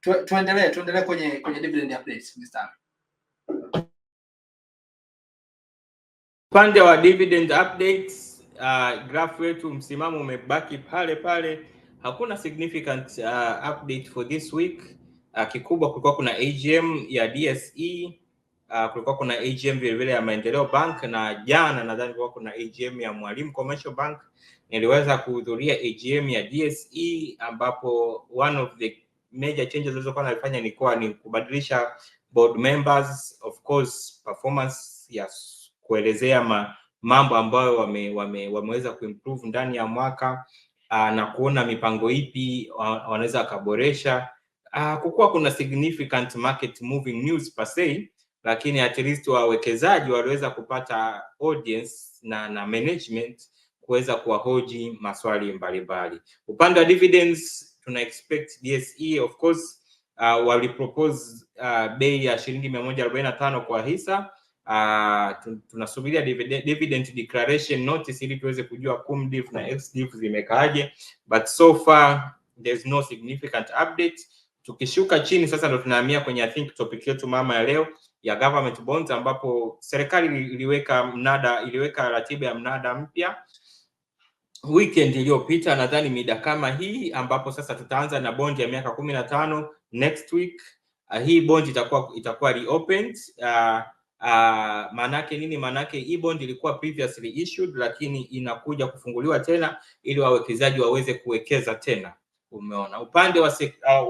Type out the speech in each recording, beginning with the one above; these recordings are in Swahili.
tuendelee tuendelee kwenye kwenye dividend updates Mr. Upande wa dividend updates, uh, graph wetu msimamo umebaki pale pale, hakuna significant uh, update for this week. Uh, kikubwa kulikuwa kuna AGM ya DSE uh, kulikuwa kuna AGM vile vile ya Maendeleo Bank na jana nadhani kulikuwa kuna AGM ya Mwalimu Commercial Bank. Niliweza kuhudhuria AGM ya DSE ambapo one of the major changes zilizokuwa nalifanya nilikuwa ni kubadilisha board members, of course performance yes, kuelezea ma, mambo ambayo wame, wame, wameweza kuimprove ndani ya mwaka uh, na kuona mipango ipi wanaweza wakaboresha uh, ah, kukuwa kuna significant market moving news per se, lakini at least wawekezaji waliweza kupata audience na, na management kuweza kuwahoji maswali mbalimbali. Upande wa dividends tuna expect DSE of course uh, walipropose uh, bei ya shilingi mia moja arobaini na tano kwa hisa uh, tunasubiria dividend, declaration notice ili tuweze kujua CumDiv na XDiv zimekaaje, but so far there's no significant update. Tukishuka chini sasa ndo tunahamia kwenye I think topic yetu mama ya leo ya government bonds ambapo serikali iliweka mnada, iliweka ratiba ya mnada mpya weekend iliyopita, nadhani mida kama hii, ambapo sasa tutaanza na bondi ya miaka kumi na tano next week. Uh, hii bondi itakuwa itakuwa reopened uh, ah, Uh, ah, maanake nini? Maanake hii bondi ilikuwa previously issued, lakini inakuja kufunguliwa tena ili wawekezaji waweze kuwekeza tena. Umeona upande wa,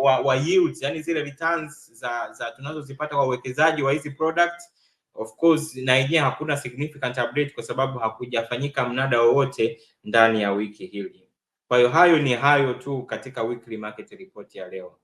wa, wa yields, yani zile returns za, za tunazozipata kwa wawekezaji wa hizi products Of course na yenyewe hakuna significant update kwa sababu hakujafanyika mnada wowote ndani ya wiki hili. Kwa hiyo hayo ni hayo tu katika weekly market report ya leo.